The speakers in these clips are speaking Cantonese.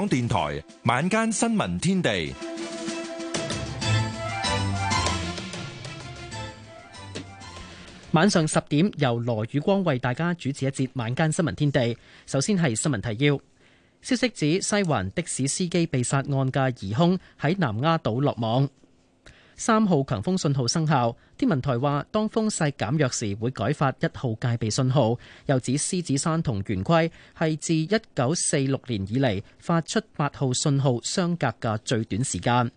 港電台晚間新聞天地，晚上十點由羅宇光為大家主持一節晚間新聞天地。首先係新聞提要，消息指西環的士司機被殺案嘅疑凶喺南丫島落網。三號強風信號生效，天文台話當風勢減弱時會改發一號戒備信號。又指獅子山同圓規係自一九四六年以嚟發出八號信號相隔嘅最短時間。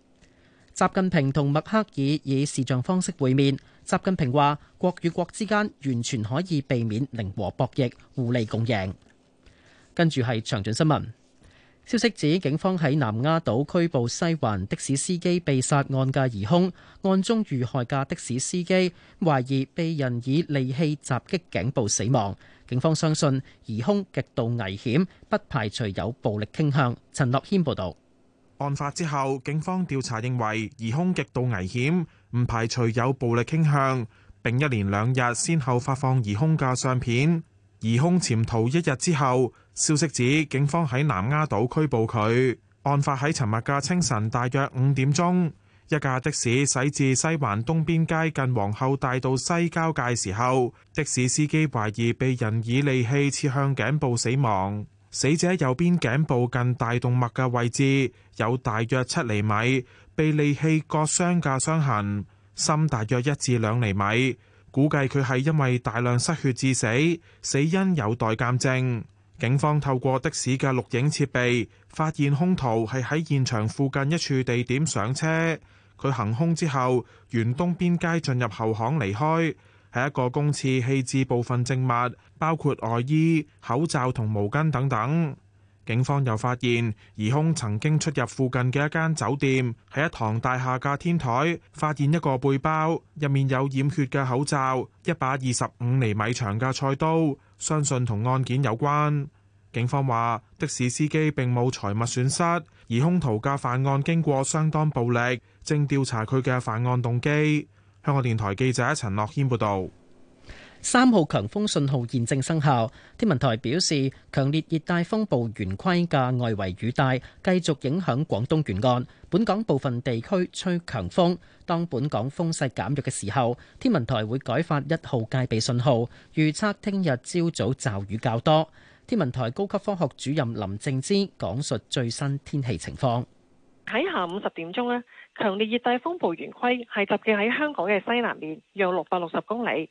習近平同默克爾以視像方式會面，習近平話國與國之間完全可以避免零和博弈，互利共贏。跟住係詳盡新聞。消息指警方喺南丫島拘捕西環的士司機被殺案嘅疑凶，案中遇害嘅的士司機懷疑被人以利器襲擊頸部死亡。警方相信疑凶極度危險，不排除有暴力傾向。陳樂謙報道。案發之後警方調查認為疑凶極度危險，唔排除有暴力傾向。並一連兩日，先後發放疑凶嘅相片。疑凶潛逃一日之後，消息指警方喺南丫島拘捕佢。案發喺尋日嘅清晨，大約五點鐘，一架的士駛至西環東邊街近皇后大道西交界時候，的士司機懷疑被人以利器切向頸部死亡。死者右邊頸部近大動脈嘅位置有大約七厘米被利器割傷嘅傷痕，深大約一至兩厘米。估計佢係因為大量失血致死，死因有待鑒證。警方透過的士嘅錄影設備，發現凶徒係喺現場附近一處地點上車。佢行凶之後，沿東邊街進入後巷離開，係一個公廁，棄置部分證物，包括外衣、口罩同毛巾等等。警方又發現疑凶曾經出入附近嘅一間酒店，喺一堂大廈嘅天台發現一個背包，入面有染血嘅口罩、一把二十五厘米長嘅菜刀，相信同案件有關。警方話的士司機並冇財物損失，疑凶逃嫁，犯案經過相當暴力，正調查佢嘅犯案動機。香港電台記者陳樂軒報導。三號強風信號現正生效。天文台表示，強烈熱帶風暴圓規嘅外圍雨帶繼續影響廣東沿岸，本港部分地區吹強風。當本港風勢減弱嘅時候，天文台會改發1號戒備信號。預測聽日朝早驟雨較多。天文台高級科學主任林靜芝講述最新天氣情況。喺下午十點鐘呢，強烈熱帶風暴圓規係集結喺香港嘅西南面，約660公里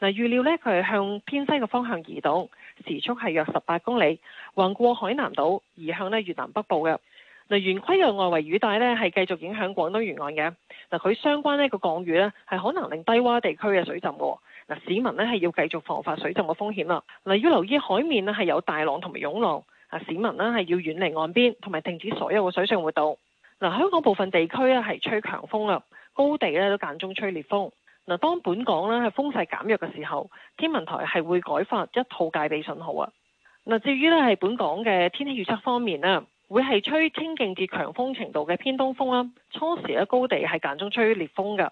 嗱預料呢，佢係向偏西嘅方向移動，時速係約十八公里，橫過海南島，移向呢越南北部嘅。嗱，圓規嘅外圍雨帶呢，係繼續影響廣東沿岸嘅。嗱，佢相關呢個降雨呢，係可能令低窪地區嘅水浸嘅。嗱，市民呢，係要繼續防範水浸嘅風險啦。嗱，要留意海面呢，係有大浪同埋湧浪，啊，市民呢，係要遠離岸邊同埋停止所有嘅水上活動。嗱，香港部分地區呢，係吹強風啦，高地呢，都間中吹烈風。嗱，當本港咧風勢減弱嘅時候，天文台係會改發一套戒備信號啊！嗱，至於咧係本港嘅天氣預測方面咧，會係吹清勁至強風程度嘅偏東風啦。初時咧高地係間中吹烈風嘅，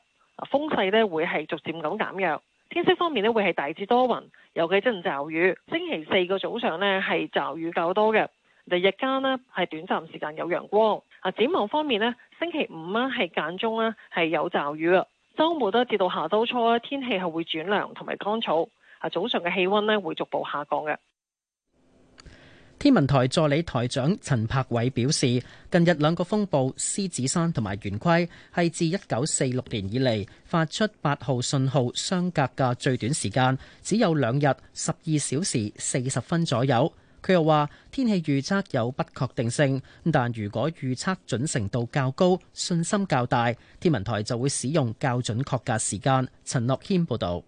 風勢咧會係逐漸咁減弱。天色方面咧會係大致多雲，有幾陣驟雨。星期四個早上咧係驟雨較多嘅，日間咧係短暫時間有陽光。啊，展望方面咧，星期五咧係間中咧係有驟雨啊。周末都係跌到下週初，天氣係會轉涼同埋乾燥。啊，早上嘅氣溫咧會逐步下降嘅。天文台助理台長陳柏偉表示，近日兩個風暴獅子山同埋圓規係自一九四六年以嚟，發出八號信號相隔嘅最短時間，只有兩日十二小時四十分左右。佢又話：天氣預測有不確定性，但如果預測準程度較高，信心較大，天文台就會使用較準確嘅時間。陳樂軒報導。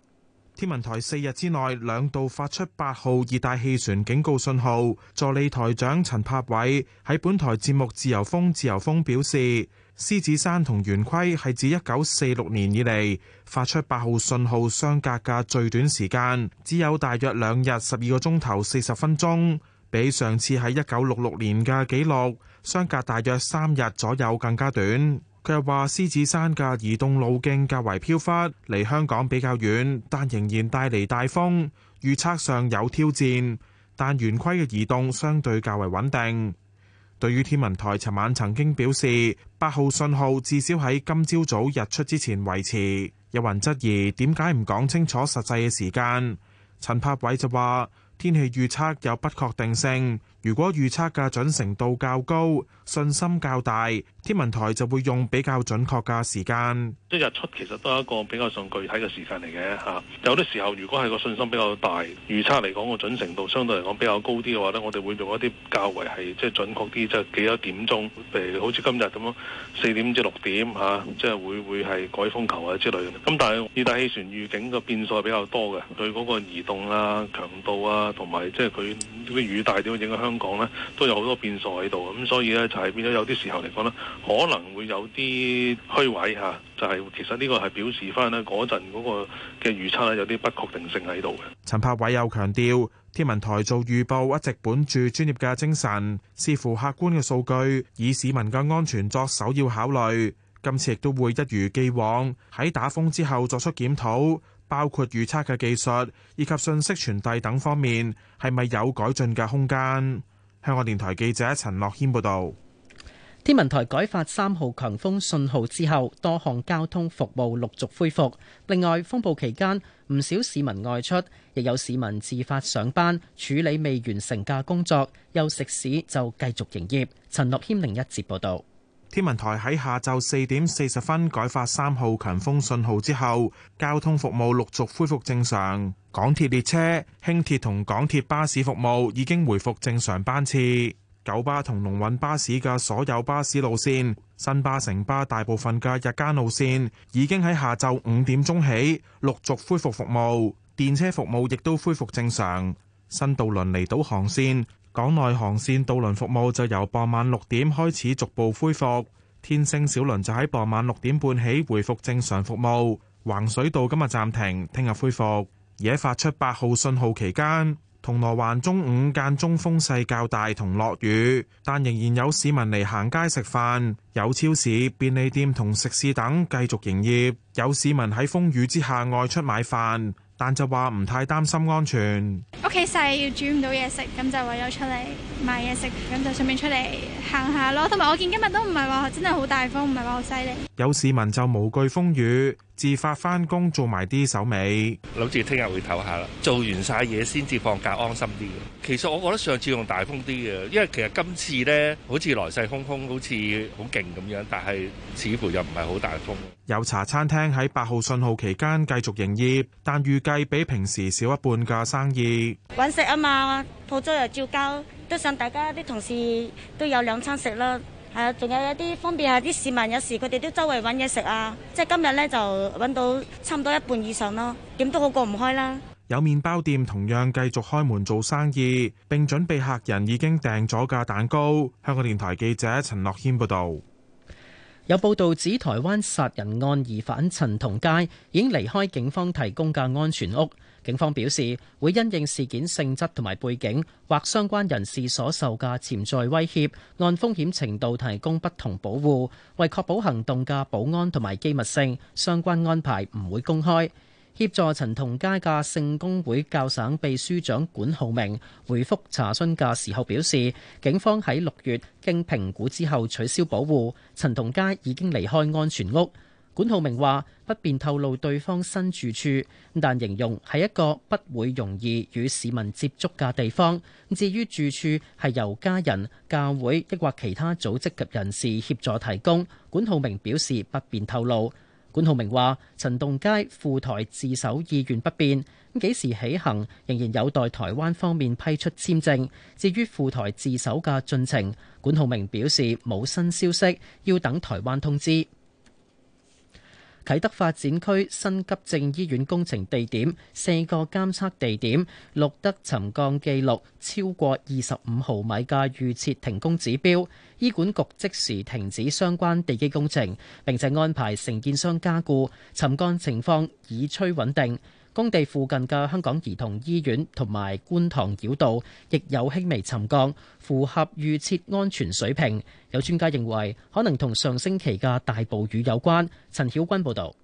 天文台四日之內兩度發出八號熱帶氣旋警告信號。助理台長陳柏偉喺本台節目《自由風自由風》表示。獅子山同圓規係自一九四六年以嚟發出八號信號相隔嘅最短時間，只有大約兩日十二個鐘頭四十分鐘，比上次喺一九六六年嘅紀錄相隔大約三日左右更加短。佢又話：獅子山嘅移動路徑較為飄忽，離香港比較遠，但仍然帶嚟大風，預測上有挑戰。但圓規嘅移動相對較為穩定。對於天文台尋晚曾經表示八號信號至少喺今朝早，早日出之前維持，有人質疑點解唔講清楚實際嘅時間。陳柏偉就話天氣預測有不確定性。如果預測嘅準程度較高、信心較大，天文台就會用比較準確嘅時間。即日出其實都係一個比較上具體嘅時間嚟嘅嚇。有啲時候，如果係個信心比較大、預測嚟講個準程度相對嚟講比較高啲嘅話咧，我哋會用一啲較為係即係準確啲，即係幾多點鐘，譬如好似今日咁樣，四點至六點嚇、啊，即係會會係改風球啊之類。咁但係熱帶氣旋預警嘅變數係比較多嘅，對嗰個移動啊、強度啊，同埋即係佢啲雨帶點樣影響香港咧都有好多變數喺度，咁所以咧就係變咗有啲時候嚟講咧，可能會有啲虛位。嚇，就係其實呢個係表示翻呢嗰陣嗰個嘅預測咧有啲不確定性喺度嘅。陳柏偉又強調，天文台做預報一直本住專業嘅精神，視乎客觀嘅數據，以市民嘅安全作首要考慮。今次亦都會一如既往喺打風之後作出檢討。包括預測嘅技術以及信息傳遞等方面，係咪有改進嘅空間？香港電台記者陳樂軒報導。天文台改發三號強風信號之後，多項交通服務陸續恢復。另外，風暴期間唔少市民外出，亦有市民自發上班，處理未完成嘅工作，有食肆就繼續營業。陳樂軒另一節報導。天文台喺下晝四點四十分改發三號強風信號之後，交通服務陸續恢復正常。港鐵列車、輕鐵同港鐵巴士服務已經回復正常班次。九巴同龍運巴士嘅所有巴士路線、新巴、城巴大部分嘅日間路線已經喺下晝五點鐘起陸續恢復服務。電車服務亦都恢復正常。新渡輪離島航線。港內航線渡輪服務就由傍晚六點開始逐步恢復，天星小輪就喺傍晚六點半起恢復正常服務。橫水道今日暫停，聽日恢復。而喺發出八號信號期間，銅鑼灣中午間中風勢較大同落雨，但仍然有市民嚟行街食飯，有超市、便利店同食肆等繼續營業，有市民喺風雨之下外出買飯，但就話唔太擔心安全。屋企細要煮唔到嘢食，咁就為咗出嚟買嘢食，咁就順便出嚟。行下咯，同埋我見今日都唔係話真係好大風，唔係話好犀利。有市民就無懼風雨，自發翻工做埋啲手尾。諗住聽日會唞下啦，做完晒嘢先至放假，安心啲嘅。其實我覺得上次仲大風啲嘅，因為其實今次咧好似來勢洶洶，好似好勁咁樣，但係似乎又唔係好大風。有茶餐廳喺八號信號期間繼續營業，但預計比平時少一半嘅生意。搵食啊嘛！好多又照交，都想大家啲同事都有兩餐食啦。係啊，仲有一啲方便下啲市民有時佢哋都周圍揾嘢食啊。即係今日咧，就揾到差唔多一半以上咯，點都好過唔開啦。有麵包店同樣繼續開門做生意，並準備客人已經訂咗架蛋糕。香港電台記者陳樂謙報道。有報道指台灣殺人案疑犯陳同佳已經離開警方提供嘅安全屋。警方表示，會因應事件性質同埋背景或相關人士所受嘅潛在威脅，按風險程度提供不同保護。為確保行動嘅保安同埋機密性，相關安排唔會公開。協助陳同佳嘅聖公會教省秘書長管浩明回覆查詢嘅時候表示，警方喺六月經評估之後取消保護，陳同佳已經離開安全屋。管浩明話：不便透露對方新住處，但形容係一個不會容易與市民接觸嘅地方。至於住處係由家人、教會抑或其他組織及人士協助提供，管浩明表示不便透露。管浩明話：陳同佳赴台自首意願不變，咁幾時起行仍然有待台灣方面批出簽證。至於赴台自首嘅進程，管浩明表示冇新消息，要等台灣通知。啟德發展區新急症醫院工程地點四個監測地點錄得沉降記錄超過二十五毫米嘅預設停工指標，醫管局即時停止相關地基工程，並且安排承建商加固，沉降情況已趨穩定。工地附近嘅香港兒童醫院同埋觀塘繞道亦有輕微沉降，符合預設安全水平。有專家認為，可能同上星期嘅大暴雨有關。陳曉君報導，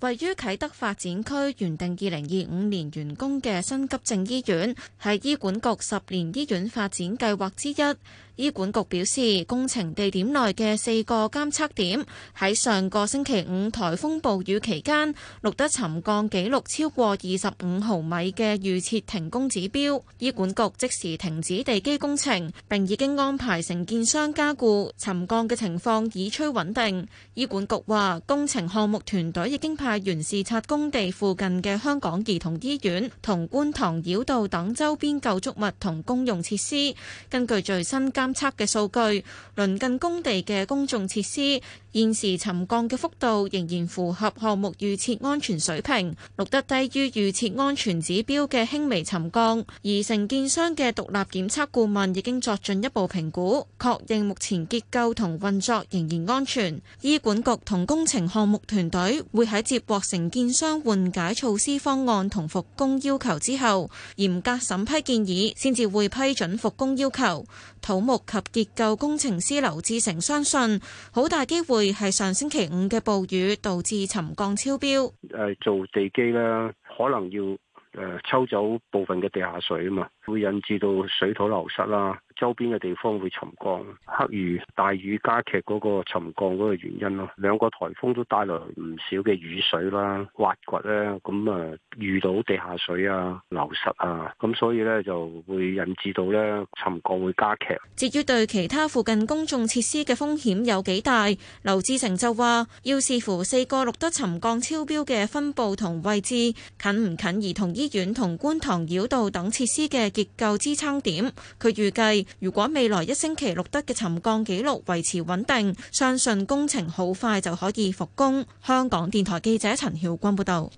位於啟德發展區原定二零二五年完工嘅新急症醫院，係醫管局十年醫院發展計劃之一。醫管局表示，工程地點內嘅四個監測點喺上個星期五台風暴雨期間錄得沉降記錄超過二十五毫米嘅預設停工指標，醫管局即時停止地基工程，並已經安排承建商加固，沉降嘅情況已趨穩定。醫管局話，工程項目團隊已經派員視察工地附近嘅香港兒童醫院同觀塘繞道等周邊構築物同公用設施，根據最新監測嘅數據，鄰近工地嘅公眾設施現時沉降嘅幅度仍然符合項目預設安全水平，錄得低於預設安全指標嘅輕微沉降。而承建商嘅獨立檢測顧問已經作進一步評估，確認目前結構同運作仍然安全。醫管局同工程項目團隊會喺接獲承建商緩解措施方案同復工要求之後，嚴格審批建議，先至會批准復工要求。土木及結構工程師劉志成相信，好大機會係上星期五嘅暴雨導致沉降超標。誒，做地基咧，可能要誒抽走部分嘅地下水啊嘛，會引致到水土流失啦。周邊嘅地方會沉降，黑雨大雨加劇嗰個沉降嗰個原因咯。兩個颱風都帶來唔少嘅雨水啦，挖掘咧，咁啊遇到地下水啊、流失啊，咁所以咧就會引致到咧沉降會加劇。至於對其他附近公眾設施嘅風險有幾大，劉志成就話要視乎四個錄得沉降超標嘅分佈同位置，近唔近兒童醫院同觀塘繞道等設施嘅結構支撐點。佢預計，如果未來一星期錄得嘅沉降記錄維持穩定，相信工程好快就可以復工。香港電台記者陳曉君報道。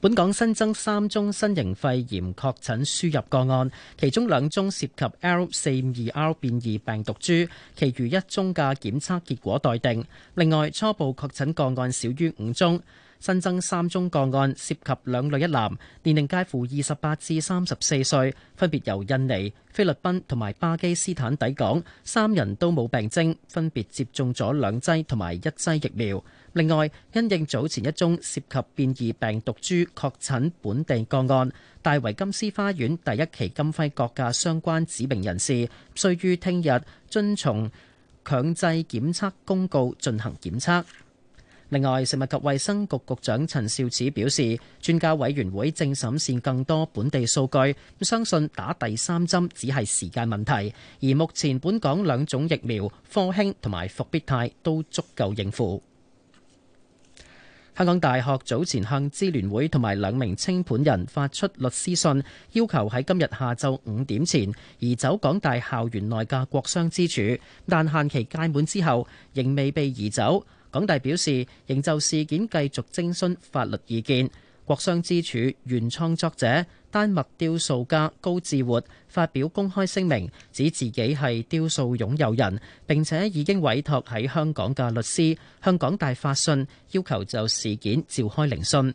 本港新增三宗新型肺炎確診輸入個案，其中兩宗涉及 L452R 變異病毒株，其餘一宗嘅檢測結果待定。另外，初步確診個案少於五宗。新增三宗個案，涉及兩女一男，年齡介乎二十八至三十四歲，分別由印尼、菲律賓同埋巴基斯坦抵港，三人都冇病徵，分別接種咗兩劑同埋一劑疫苗。另外，因應早前一宗涉及變異病毒株確診本地個案，大維金斯花園第一期金輝閣嘅相關指明人士，需於聽日遵從強制檢測公告進行檢測。另外，食物及衛生局局長陳肇始表示，專家委員會正審視更多本地數據，相信打第三針只係時間問題。而目前本港兩種疫苗科興同埋復必泰都足夠應付。香港大學早前向支聯會同埋兩名清盤人發出律師信，要求喺今日下晝五點前移走港大校園內嘅國殤之柱，但限期屆滿之後仍未被移走。港大表示，仍就事件繼續徵詢法律意見，國殤之柱原創作者丹麥雕塑家高志活發表公開聲明，指自己係雕塑擁有人，並且已經委託喺香港嘅律師向港大發信，要求就事件召開聆訊。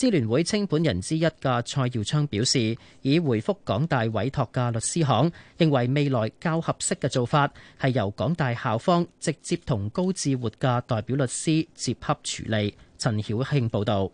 支聯會稱本人之一嘅蔡耀昌表示，已回覆港大委託嘅律師行，認為未來較合適嘅做法，係由港大校方直接同高志活嘅代表律師接洽處理。陳曉慶報道。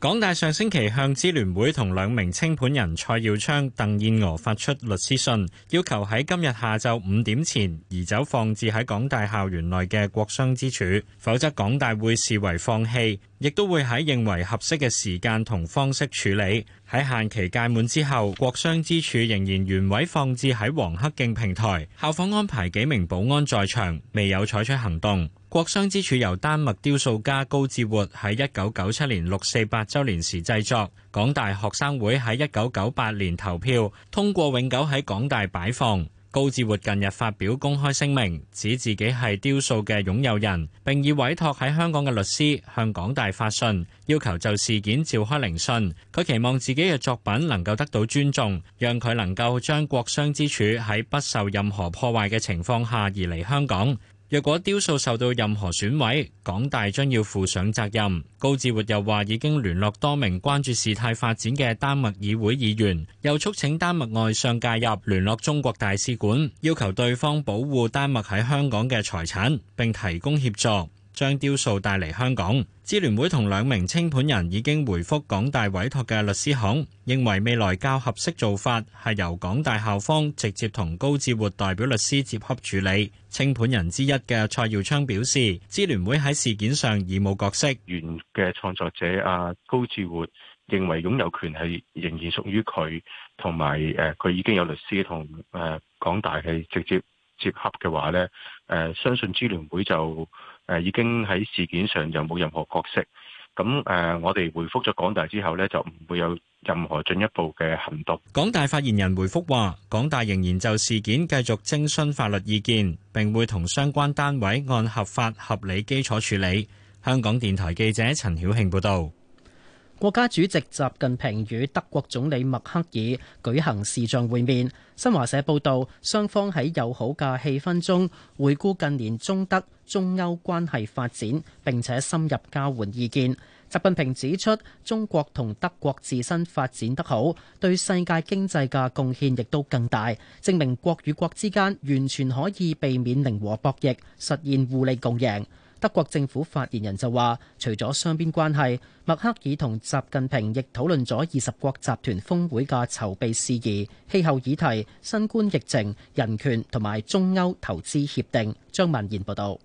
港大上星期向支聯會同兩名清盤人蔡耀昌、鄧燕娥發出律師信，要求喺今日下晝五點前移走放置喺港大校園內嘅國殤之柱，否則港大會視為放棄，亦都會喺認為合適嘅時間同方式處理。喺限期屆滿之後，國殤之柱仍然原位放置喺黃克競平台，校方安排幾名保安在場，未有採取行動。國殤之柱由丹麥雕塑家高志活喺一九九七年六四八周年時製作，港大學生會喺一九九八年投票通過永久喺港大擺放。高志活近日發表公開聲明，指自己係雕塑嘅擁有人，並已委託喺香港嘅律師向港大發信，要求就事件召開聆訊。佢期望自己嘅作品能夠得到尊重，讓佢能夠將國殤之柱喺不受任何破壞嘅情況下移離香港。若果雕塑受到任何損毀，港大將要負上責任。高志活又話已經聯絡多名關注事態發展嘅丹麥議會議員，又促請丹麥外相介入，聯絡中國大使館，要求對方保護丹麥喺香港嘅財產，並提供協助。將雕塑帶嚟香港，支聯會同兩名清盤人已經回覆港大委託嘅律師行，認為未來較合適做法係由港大校方直接同高志活代表律師接洽處理。清盤人之一嘅蔡耀昌表示，支聯會喺事件上已冇角色。原嘅創作者阿高志活認為擁有權係仍然屬於佢，同埋誒佢已經有律師同誒港大係直接接洽嘅話呢誒相信支聯會就。誒已經喺事件上就冇任何角色，咁誒我哋回覆咗港大之後呢就唔會有任何進一步嘅行動。港大發言人回覆話：港大仍然就事件繼續徵詢法律意見，並會同相關單位按合法合理基礎處理。香港電台記者陳曉慶報道。國家主席習近平與德國總理默克爾舉行視像會面。新華社報道，雙方喺友好嘅氣氛中回顧近年中德、中歐關係發展，並且深入交換意見。習近平指出，中國同德國自身發展得好，對世界經濟嘅貢獻亦都更大，證明國與國之間完全可以避免零和博弈，實現互利共贏。德國政府發言人就話，除咗雙邊關係，默克爾同習近平亦討論咗二十國集團峰會嘅籌備事宜、氣候議題、新冠疫情、人權同埋中歐投資協定。張文燕報道。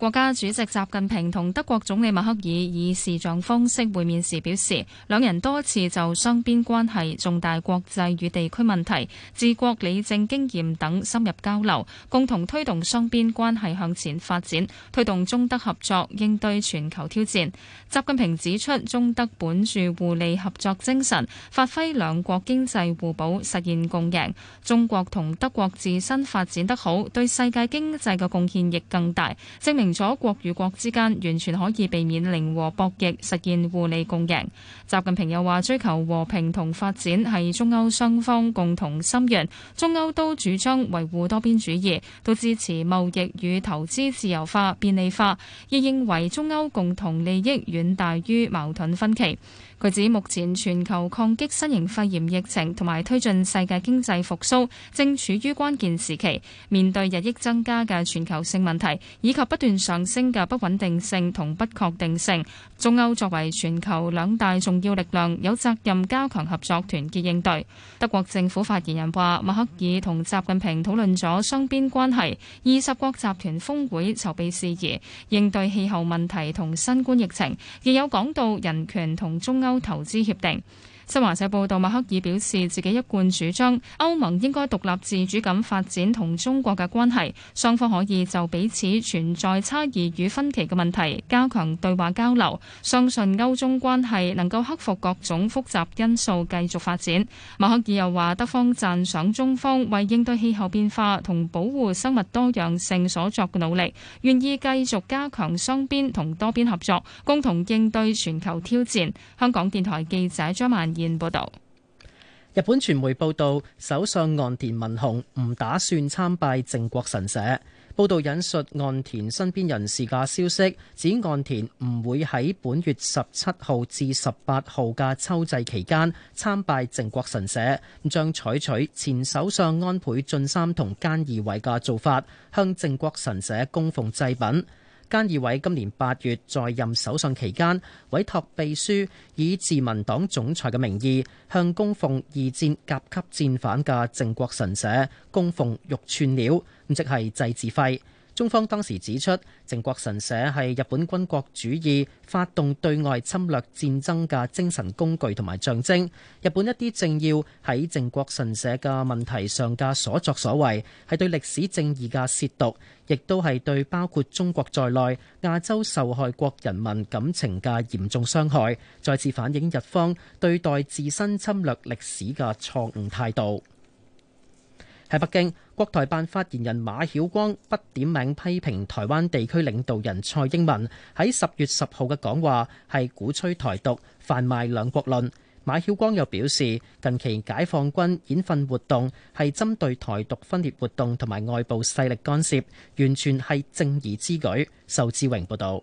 國家主席習近平同德國總理默克爾以視像方式會面時表示，兩人多次就雙邊關係、重大國際與地區問題、治國理政經驗等深入交流，共同推動雙邊關係向前發展，推動中德合作應對全球挑戰。習近平指出，中德本著互利合作精神，發揮兩國經濟互補，實現共贏。中國同德國自身發展得好，對世界經濟嘅貢獻亦更大，證明咗國與國之間完全可以避免零和博弈，實現互利共贏。習近平又話：追求和平同發展係中歐雙方共同心願，中歐都主張維護多邊主義，都支持貿易與投資自由化、便利化，亦認為中歐共同利益遠大於矛盾分歧。佢指目前全球抗擊新型肺炎疫情同埋推進世界經濟復甦，正處於關鍵時期。面對日益增加嘅全球性問題，以及不斷上升嘅不穩定性同不確定性，中歐作為全球兩大重要力量，有責任加強合作，團結應對。德國政府發言人話，默克爾同習近平討論咗雙邊關係、二十國集團峯會籌備事宜、應對氣候問題同新冠疫情，亦有講到人權同中歐投資協定。新華社報道，默克爾表示自己一貫主張，歐盟應該獨立自主咁發展同中國嘅關係，雙方可以就彼此存在差異與分歧嘅問題，加強對話交流，相信歐中關係能夠克服各種複雜因素繼續發展。默克爾又話德方讚賞中方為應對氣候變化和保護生物多樣性所作嘅努力，願意繼續加強雙邊同多邊合作，共同應對全球挑戰。香港電台記者張曼報道：日本傳媒報導，首相岸田文雄唔打算參拜靖國神社。報道引述岸田身邊人士嘅消息，指岸田唔會喺本月十七號至十八號嘅秋祭期間參拜靖國神社，將採取前首相安倍晉三同菅義偉嘅做法，向靖國神社供奉祭品。菅義偉今年八月在任首相期間，委託秘書以自民黨總裁嘅名義，向供奉二戰甲級戰犯嘅靖國神社供奉玉串料，咁即係祭祀費。中方當時指出，靖國神社係日本軍國主義發動對外侵略戰爭嘅精神工具同埋象徵。日本一啲政要喺靖國神社嘅問題上嘅所作所為，係對歷史正義嘅褻瀆，亦都係對包括中國在內亞洲受害國人民感情嘅嚴重傷害。再次反映日方對待自身侵略歷史嘅錯誤態度。喺北京，國台辦發言人馬曉光不點名批評台灣地區領導人蔡英文喺十月十號嘅講話係鼓吹台獨、販賣兩國論。馬曉光又表示，近期解放軍演訓活動係針對台獨分裂活動同埋外部勢力干涉，完全係正義之舉。仇志榮報道。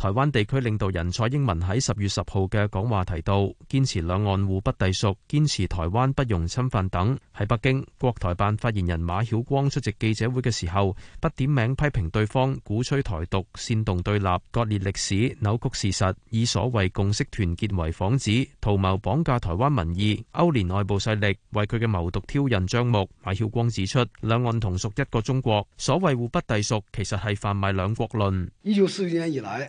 台灣地區領導人蔡英文喺十月十號嘅講話提到，堅持兩岸互不隸屬，堅持台灣不容侵犯等。喺北京，國台辦發言人馬曉光出席記者會嘅時候，不點名批評對方鼓吹台獨、煽動對立、割裂歷史、扭曲事實，以所謂共識團結為幌子，圖謀綁架台灣民意、勾連外部勢力，為佢嘅謀獨挑釁張目。馬曉光指出，兩岸同屬一個中國，所謂互不隸屬其實係販賣兩國論。一九四九年以來，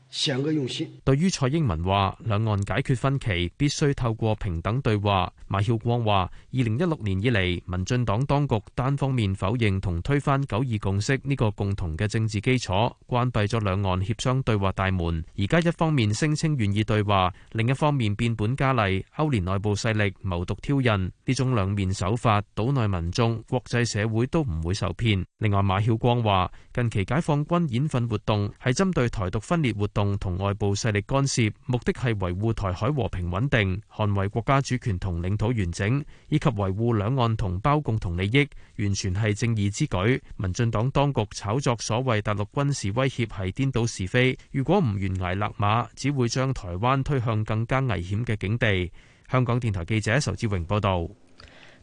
對於蔡英文話，兩岸解決分歧必須透過平等對話。馬曉光話，二零一六年以嚟，民進黨當局單方面否認同推翻九二共識呢個共同嘅政治基礎，關閉咗兩岸協商對話大門。而家一方面聲稱願意對話，另一方面變本加厲，勾連內部勢力謀獨挑釁。呢種兩面手法，島內民眾、國際社會都唔會受騙。另外，馬曉光話，近期解放軍演訓活動係針對台獨分裂活動。同外部勢力干涉，目的係維護台海和平穩定，捍衛國家主權同領土完整，以及維護兩岸同胞共同利益，完全係正義之舉。民進黨當局炒作所謂大陸軍事威脅係顛倒是非，如果唔懸崖勒馬，只會將台灣推向更加危險嘅境地。香港電台記者仇志榮報道。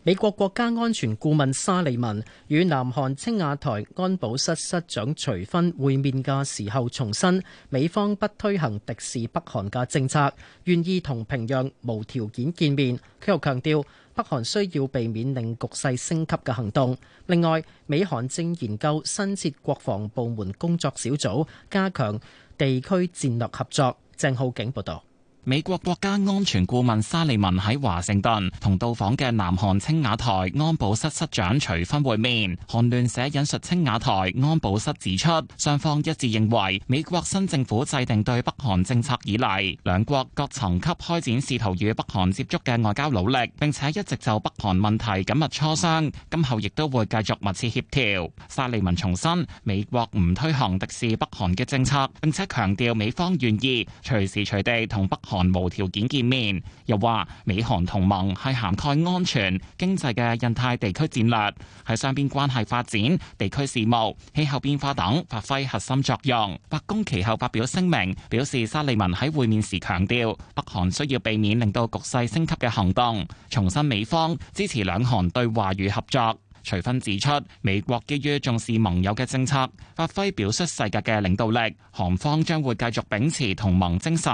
美國國家安全顧問沙利文與南韓青瓦台安保室室長徐芬會面嘅時候重申，美方不推行敵視北韓嘅政策，願意同平壤無條件見面。佢又強調，北韓需要避免令局勢升級嘅行動。另外，美韓正研究新設國防部門工作小組，加強地區戰略合作。鄭浩景報道。美國國家安全顧問沙利文喺華盛頓同到訪嘅南韓青瓦台安保室室長徐芬會面。韓聯社引述青瓦台安保室指出，雙方一致認為美國新政府制定對北韓政策以嚟，兩國各層級開展試圖與北韓接觸嘅外交努力，並且一直就北韓問題緊密磋商，今後亦都會繼續密切協調。沙利文重申美國唔推行敵視北韓嘅政策，並且強調美方願意隨時隨地同北韓。無條件見面，又話美韓同盟係涵蓋安全、經濟嘅印太地區戰略，喺雙邊關係發展、地區事務、氣候變化等發揮核心作用。白宮其後發表聲明，表示沙利文喺會面時強調，北韓需要避免令到局勢升級嘅行動，重申美方支持兩韓對話與合作。徐芬指出，美國基於重視盟友嘅政策，發揮表率世界嘅領導力，韓方將會繼續秉持同盟精神。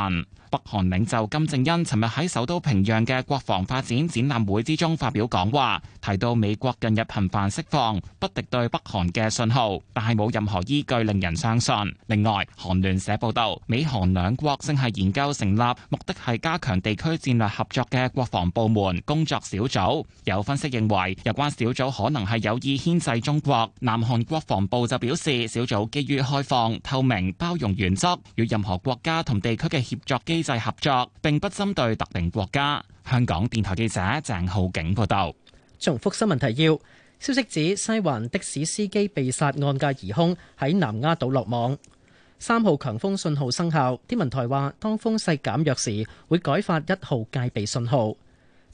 北韓領袖金正恩尋日喺首都平壤嘅國防發展展覽會之中發表講話，提到美國近日頻繁釋放不敵對北韓嘅信號，但係冇任何依據令人相信。另外，韓聯社報導，美韓兩國正係研究成立目的係加強地區戰略合作嘅國防部門工作小組。有分析認為，有關小組可能係有意牽制中國。南韓國防部就表示，小組基於開放、透明、包容原則，與任何國家同地區嘅協作機制合作並不針對特定國家。香港電台記者鄭浩景報道。重複新聞提要：消息指西環的士司機被殺案嘅疑兇喺南丫島落網。三號強風信號生效。天文台話，當風勢減弱時，會改發一號戒備信號。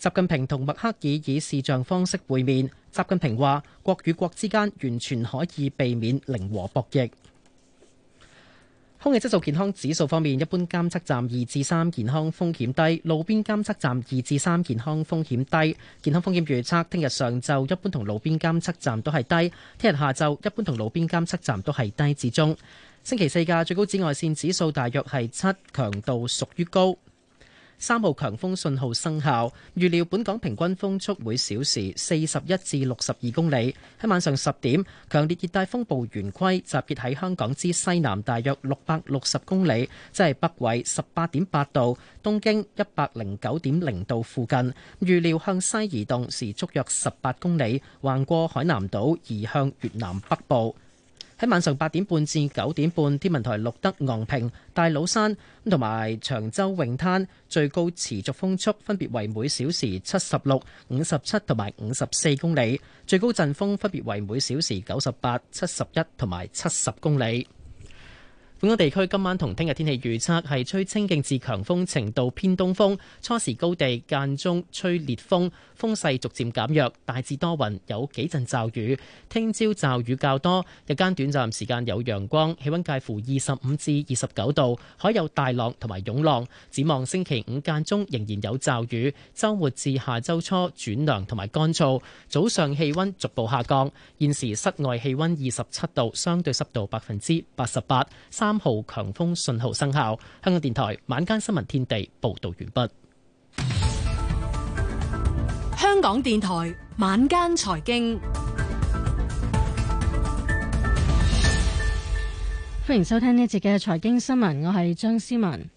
習近平同默克爾以視像方式會面。習近平話：國與國之間完全可以避免零和博弈。空氣質素健康指數方面，一般監測站二至三，健康風險低；路邊監測站二至三，健康風險低。健康風險預測：聽日上晝一般同路邊監測站都係低；聽日下晝一般同路邊監測站都係低至中。星期四嘅最高紫外線指數大約係七，強度屬於高。三號強風信號生效，預料本港平均風速每小時四十一至六十二公里。喺晚上十點，強烈熱帶風暴圓規集結喺香港之西南大約六百六十公里，即係北緯十八點八度、東經一百零九點零度附近。預料向西移動時速約十八公里，橫過海南島，移向越南北部。喺晚上八點半至九點半，天文台錄得昂坪、大老山同埋長洲泳灘最高持續風速分別為每小時七十六、五十七同埋五十四公里，最高陣風分別為每小時九十八、七十一同埋七十公里。本港地區今晚同聽日天氣預測係吹清勁至強風程度偏東風，初時高地間中吹烈風，風勢逐漸減弱，大致多雲，有幾陣驟雨。聽朝驟雨較多，日間短暫時間有陽光，氣温介乎二十五至二十九度，海有大浪同埋湧浪。展望星期五間中仍然有驟雨，週末至下周初轉涼同埋乾燥，早上氣温逐步下降。現時室外氣温二十七度，相對濕度百分之八十八。三三號強風信號生效。香港電台晚間新聞天地報道完畢。香港電台晚間財經，歡迎收聽呢一節嘅財經新聞，我係張思文。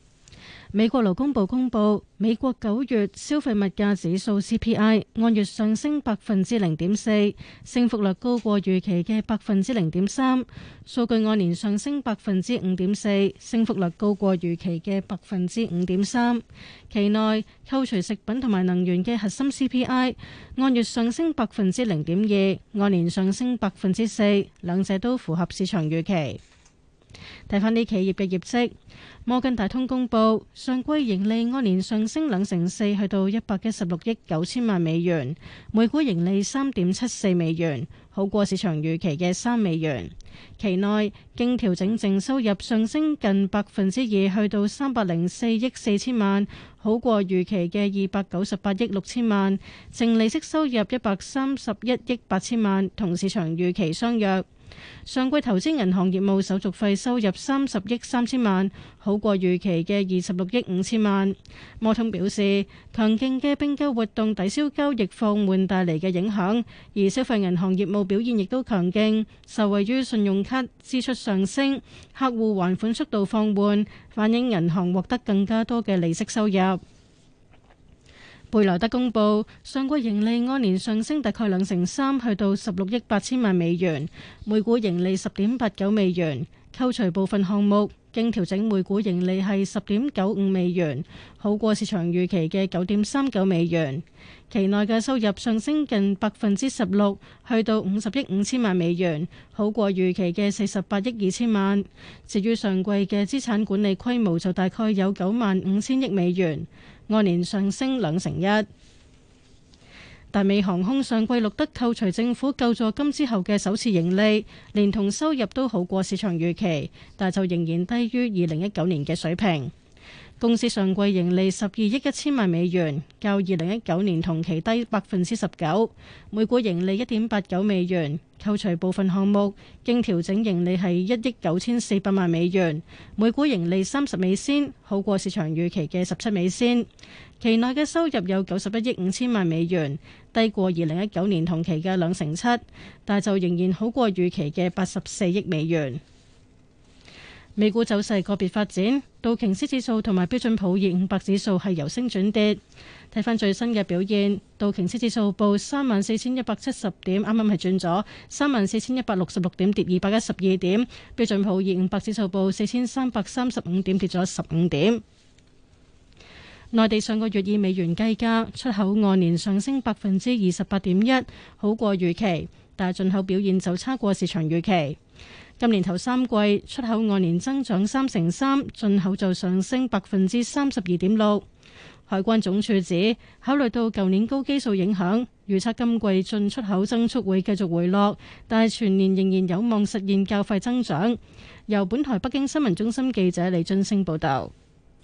美國勞工部公布，美國九月消費物價指數 CPI 按月上升百分之零點四，升幅率高過預期嘅百分之零點三。數據按年上升百分之五點四，升幅率高過預期嘅百分之五點三。期內扣除食品同埋能源嘅核心 CPI 按月上升百分之零點二，按年上升百分之四，兩者都符合市場預期。睇翻啲企業嘅業績，摩根大通公布上季盈利按年上升兩成四，去到一百一十六億九千萬美元，每股盈利三點七四美元，好過市場預期嘅三美元。期內經調整淨收入上升近百分之二，去到三百零四億四千萬，好過預期嘅二百九十八億六千萬。淨利息收入一百三十一億八千萬，同市場預期相若。上季投資銀行業務手續費收入三十億三千萬，好過預期嘅二十六億五千萬。摩通表示，強勁嘅併購活動抵消交易放緩帶嚟嘅影響，而消費銀行業務表現亦都強勁，受惠於信用卡支出上升、客戶還款速度放緩，反映銀行獲得更加多嘅利息收入。貝萊德公布上季盈利按年上升大概兩成三，去到十六億八千萬美元，每股盈利十點八九美元，扣除部分項目，經調整每股盈利係十點九五美元，好過市場預期嘅九點三九美元。期內嘅收入上升近百分之十六，去到五十億五千萬美元，好過預期嘅四十八億二千萬。至於上季嘅資產管理規模就大概有九萬五千億美元，按年上升兩成一。達美航空上季錄得扣除政府救助金之後嘅首次盈利，連同收入都好過市場預期，但就仍然低於二零一九年嘅水平。公司上季盈利十二億一千萬美元，較二零一九年同期低百分之十九，每股盈利一點八九美元。扣除部分項目，經調整盈利係一億九千四百萬美元，每股盈利三十美仙，好過市場預期嘅十七美仙。期內嘅收入有九十一億五千萬美元，低過二零一九年同期嘅兩成七，但就仍然好過預期嘅八十四億美元。美股走勢個別發展，道瓊斯指數同埋標準普爾五百指數係由升轉跌。睇翻最新嘅表現，道瓊斯指數報三萬四千一百七十點，剛剛轉，啱啱係轉咗三萬四千一百六十六點，跌二百一十二點。標準普爾五百指數報四千三百三十五點，跌咗十五點。內地上個月以美元計價出口按年上升百分之二十八點一，好過預期，但係進口表現就差過市場預期。今年頭三季出口按年增長三成三，進口就上升百分之三十二點六。海關總署指，考慮到舊年高基數影響，預測今季進出口增速會繼續回落，但係全年仍然有望實現較快增長。由本台北京新聞中心記者李津升報道。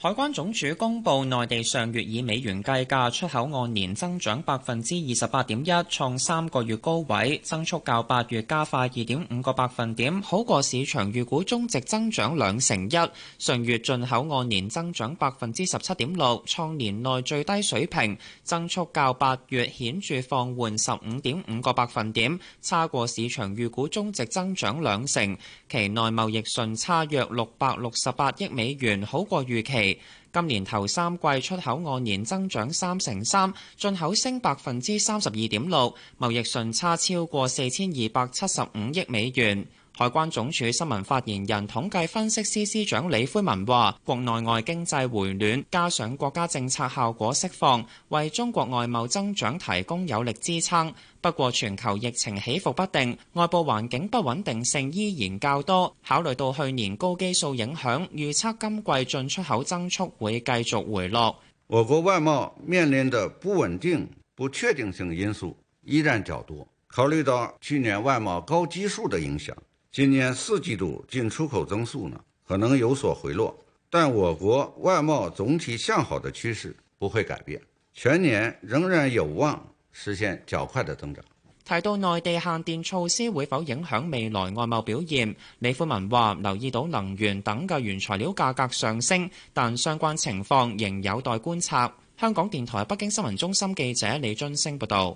海關總署公布，內地上月以美元計價出口按年增長百分之二十八點一，創三個月高位，增速較八月加快二點五個百分點，好過市場預估中值增長兩成一。上月進口按年增長百分之十七點六，創年內最低水平，增速較八月顯著放緩十五點五個百分點，差過市場預估中值增長兩成。期內貿易順差約六百六十八億美元，好過預期。今年頭三季出口按年增長三成三，進口升百分之三十二點六，貿易順差超過四千二百七十五億美元。海關總署新聞發言人、統計分析司司長李魁文話，國內外經濟回暖，加上國家政策效果釋放，為中國外貿增長提供有力支撐。不過，全球疫情起伏不定，外部環境不穩定性依然較多。考慮到去年高基數影響，預測今季進出口增速會繼續回落。我國外貿面臨的不穩定、不確定性因素依然較多。考慮到去年外貿高基數的影響，今年四季度進出口增速呢可能有所回落。但我國外貿總體向好的趨勢不會改變。全年仍然有望實現較快的增長。提到內地限電措施會否影響未來外貿表現，李富文話：留意到能源等嘅原材料價格上升，但相關情況仍有待觀察。香港電台北京新聞中心記者李津星報道。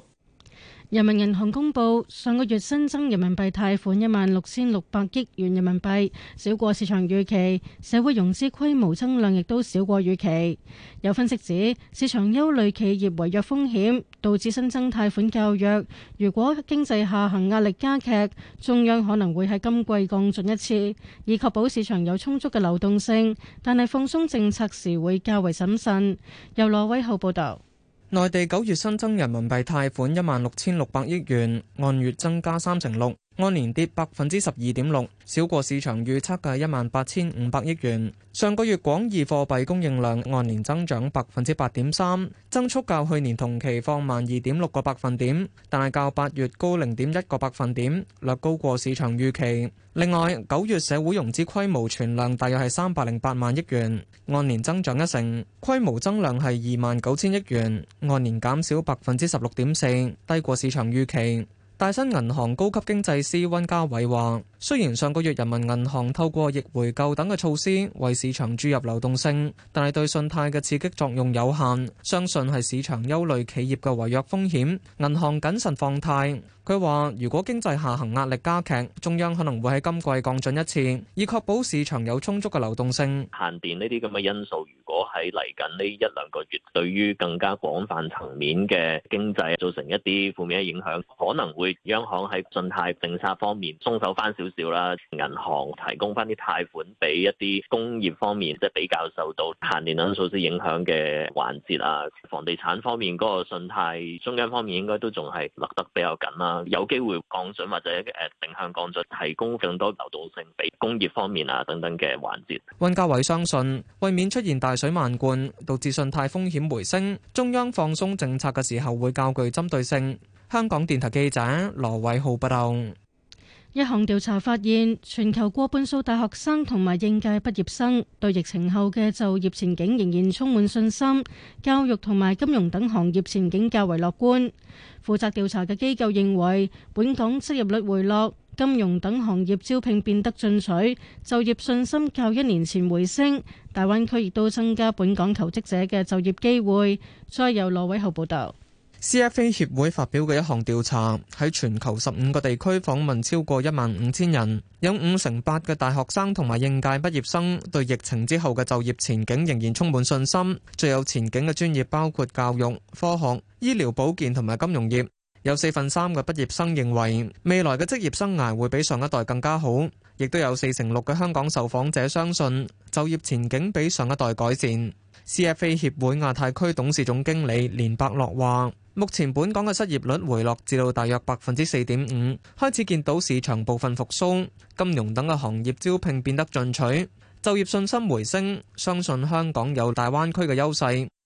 人民銀行公布上個月新增人民幣貸款一萬六千六百億元人民幣，少過市場預期。社會融資規模增量亦都少過預期。有分析指，市場憂慮企業違約風險，導致新增貸款較弱。如果經濟下行壓力加劇，中央可能會喺今季降準一次，以確保市場有充足嘅流動性。但係放鬆政策時會較為審慎。由羅偉浩報道。內地九月新增人民幣貸款一萬六千六百億元，按月增加三成六。按年跌百分之十二點六，少過市場預測嘅一萬八千五百億元。上個月廣義貨幣供應量按年增長百分之八點三，增速較去年同期放慢二點六個百分點，但係較八月高零點一個百分點，略高過市場預期。另外，九月社會融資規模存量大約係三百零八萬億元，按年增長一成，規模增量係二萬九千億元，按年減少百分之十六點四，低過市場預期。大新銀行高級經濟師溫家偉話。雖然上個月人民銀行透過逆回購等嘅措施為市場注入流動性，但係對信貸嘅刺激作用有限。相信係市場憂慮企業嘅違約風險，銀行謹慎放貸。佢話如果經濟下行壓力加劇，中央可能會喺今季降準一次，以確保市場有充足嘅流動性。限電呢啲咁嘅因素，如果喺嚟緊呢一兩個月，對於更加廣泛層面嘅經濟造成一啲負面嘅影響，可能會央行喺信貸政策方面鬆手返少少。少啦，銀行提供翻啲貸款俾一啲工業方面，即係比較受到限電等等措施影響嘅環節啊。房地產方面嗰個信貸中央方面應該都仲係勒得比較緊啦，有機會降準或者誒定向降準提供更多流動性俾工業方面啊等等嘅環節。溫家偉相信，為免出現大水漫灌，導致信貸風險回升，中央放鬆政策嘅時候會較具針對性。香港電台記者羅偉浩報道。一項調查發現，全球過半數大學生同埋應屆畢業生對疫情後嘅就業前景仍然充滿信心，教育同埋金融等行業前景較為樂觀。負責調查嘅機構認為，本港失業率回落，金融等行業招聘變得進取，就業信心較一年前回升。大灣區亦都增加本港求職者嘅就業機會。再由羅偉豪報道。CFA 協會發表嘅一項調查，喺全球十五個地區訪問超過一萬五千人，有五成八嘅大學生同埋應屆畢業生對疫情之後嘅就業前景仍然充滿信心。最有前景嘅專業包括教育、科學、醫療保健同埋金融業。有四分三嘅畢業生認為未來嘅職業生涯會比上一代更加好，亦都有四成六嘅香港受訪者相信就業前景比上一代改善。CFA 協會亞太區董事總經理連伯樂話：目前本港嘅失業率回落至到大約百分之四點五，開始見到市場部分復甦，金融等嘅行業招聘變得進取，就業信心回升，相信香港有大灣區嘅優勢。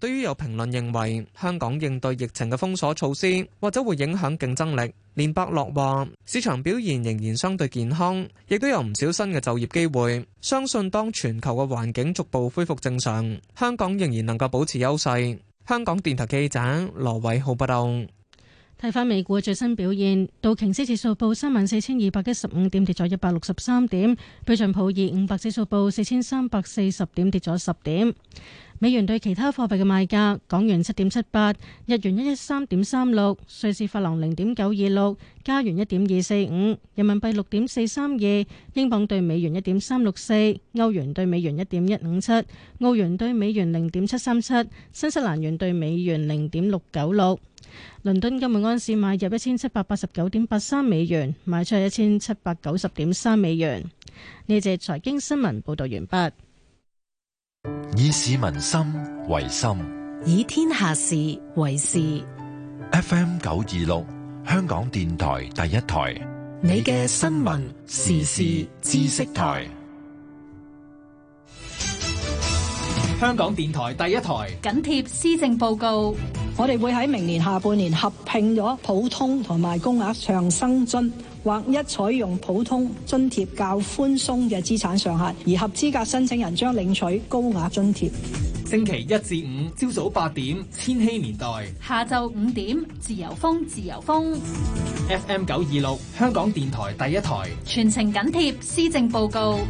對於有評論認為香港應對疫情嘅封鎖措施或者會影響競爭力，連伯樂話：市場表現仍然相對健康，亦都有唔少新嘅就業機會。相信當全球嘅環境逐步恢復正常，香港仍然能夠保持優勢。香港電台記者羅偉浩報道。睇翻美股嘅最新表現，道瓊斯指數報三萬四千二百一十五點，跌咗一百六十三點；標準普爾五百指數報四千三百四十點，跌咗十點。美元對其他貨幣嘅賣價：港元七點七八，日元一一三點三六，瑞士法郎零點九二六，加元一點二四五，人民幣六點四三二，英鎊對美元一點三六四，歐元對美元一點一五七，澳元對美元零點七三七，新西蘭元對美元零點六九六。倫敦今日安士買入一千七百八十九點八三美元，賣出一千七百九十點三美元。呢則財經新聞報道完畢。以市民心為心，以天下事為事。F M 九二六，香港電台第一台，你嘅新聞時事知識台，香港電台第一台緊貼施政報告。我哋會喺明年下半年合併咗普通同埋高額長生津，或一採用普通津貼較寬鬆嘅資產上限，而合資格申請人將領取高額津貼。星期一至五朝早八點《千禧年代》，下晝五點《自由風》，自由風 FM 九二六，香港電台第一台，全程緊貼施政報告。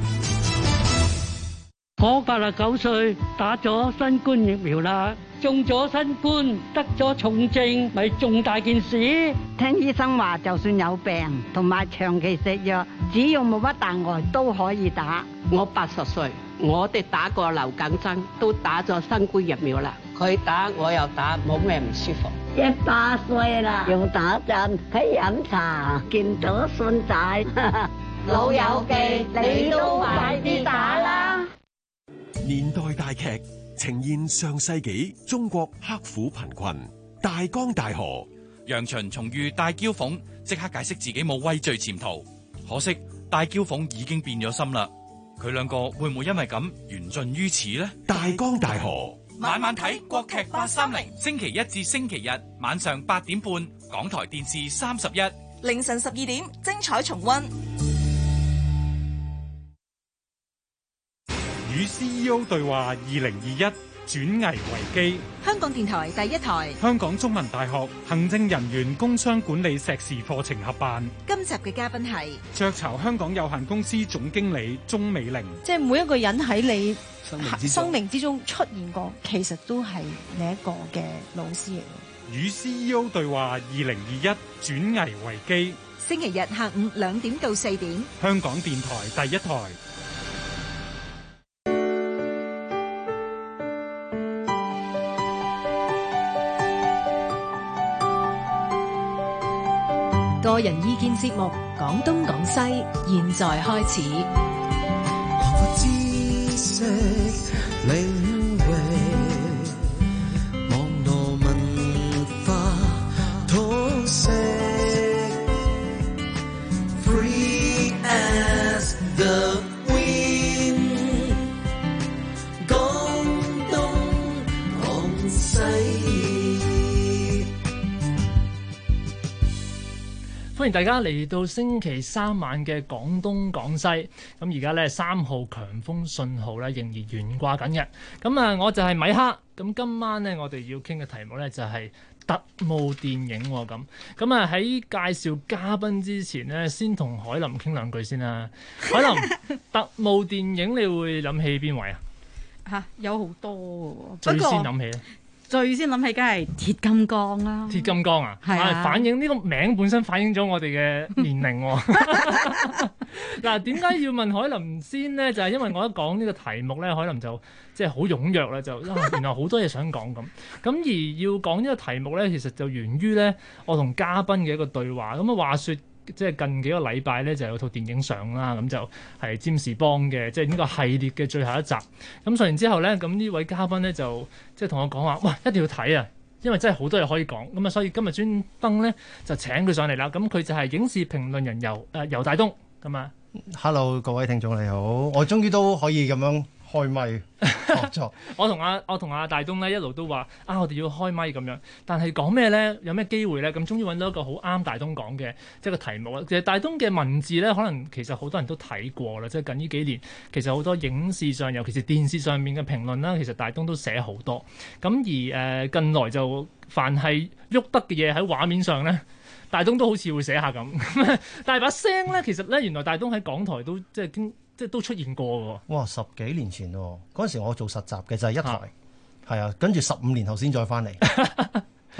我八十九歲，打咗新冠疫苗啦，中咗新冠，得咗重症，咪重大件事？聽醫生話，就算有病同埋長期食藥，只要冇乜大礙都可以打。我八十歲，我哋打過流感針，都打咗新冠疫苗啦。佢打，我又打，冇咩唔舒服。一百歲啦，又打針，喺飲茶，見到孫仔，老友記，你都快啲打啦。年代大劇呈現上世紀中國刻苦貧困，大江大河楊巡重遇大嬌鳳，即刻解釋自己冇畏罪潛逃，可惜大嬌鳳已經變咗心啦。佢兩個會唔會因為咁緣盡於此呢？大江大河晚晚睇國劇八三零，星期一至星期日晚上八點半，港台電視三十一，凌晨十二點精彩重溫。與 CEO 對話2021轉危為機，香港電台第一台、香港中文大學行政人員工商管理碩士課程合辦，今集嘅嘉賓係雀巢香港有限公司總經理鍾美玲。即係每一個人喺你生命之中出現過其實都係你一個嘅老師嚟。與 CEO 對話2021轉危為機，星期日下午兩點到四點，香港電台第一台。個人意見節目《講東講西》，現在開始。大家嚟到星期三晚嘅廣東廣西，咁而家咧三號強風信號咧仍然懸掛緊嘅。咁啊，我就係米克。咁今晚咧，我哋要傾嘅題目咧就係特務電影咁。咁啊，喺介紹嘉賓之前呢，先同海林傾兩句先啦。海林， 特務電影你會諗起邊位啊？吓，有好多嘅。最先諗起咧，不過。最先諗起，梗係鐵金剛啦、啊。鐵金剛啊，係、啊啊、反映呢、呢個名本身反映咗我哋嘅年齡、啊。嗱， 點解要問海林先呢？就係、是、因為我一講呢個題目咧，海林 就即係好踴躍啦，就因為、啊、原來好多嘢想講咁。咁而要講呢個題目咧，其實就源於咧，我同嘉賓嘅一個對話。咁啊，話說。即係近幾個禮拜咧，就有套電影上啦，咁就係《占士邦》嘅，即係呢個系列嘅最後一集。咁上完之後咧，咁呢位嘉賓咧就即係同我講話，哇，一定要睇啊，因為真係好多嘢可以講。咁啊，所以今日專登咧就請佢上嚟啦。咁佢就係影視評論人游誒游大東咁啊。Hello，各位聽眾你好，我終於都可以咁樣，開咪，冇錯 我同阿我同阿大東咧一路都話啊，我哋要開咪咁樣。但係講咩咧？有咩機會咧？咁終於搵到一個好啱大東講嘅即係個題目啦。其實大東嘅文字咧，可能其實好多人都睇過啦。即係近呢幾年，其實好多影視上，尤其是電視上面嘅評論啦，其實大東都寫好多。咁而誒、呃、近來就凡係喐得嘅嘢喺畫面上咧，大東都好似會寫下咁。但 係把聲咧，其實咧，原來大東喺港台都即係經。即係都出現過喎！哇，十幾年前喎、啊，嗰陣時我做實習嘅就係、是、一台，係啊，跟住十五年後先再翻嚟，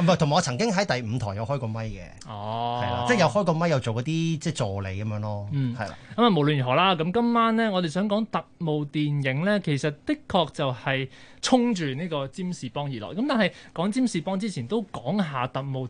唔同埋我曾經喺第五台有開過咪嘅，哦，係啦、啊，即係又開過咪又做嗰啲即係助理咁樣咯，嗯，係啦、啊，咁啊無論如何啦，咁今晚咧我哋想講特務電影咧，其實的確就係衝住呢個《占士邦》而來，咁但係講《占士邦》之前都講下特務。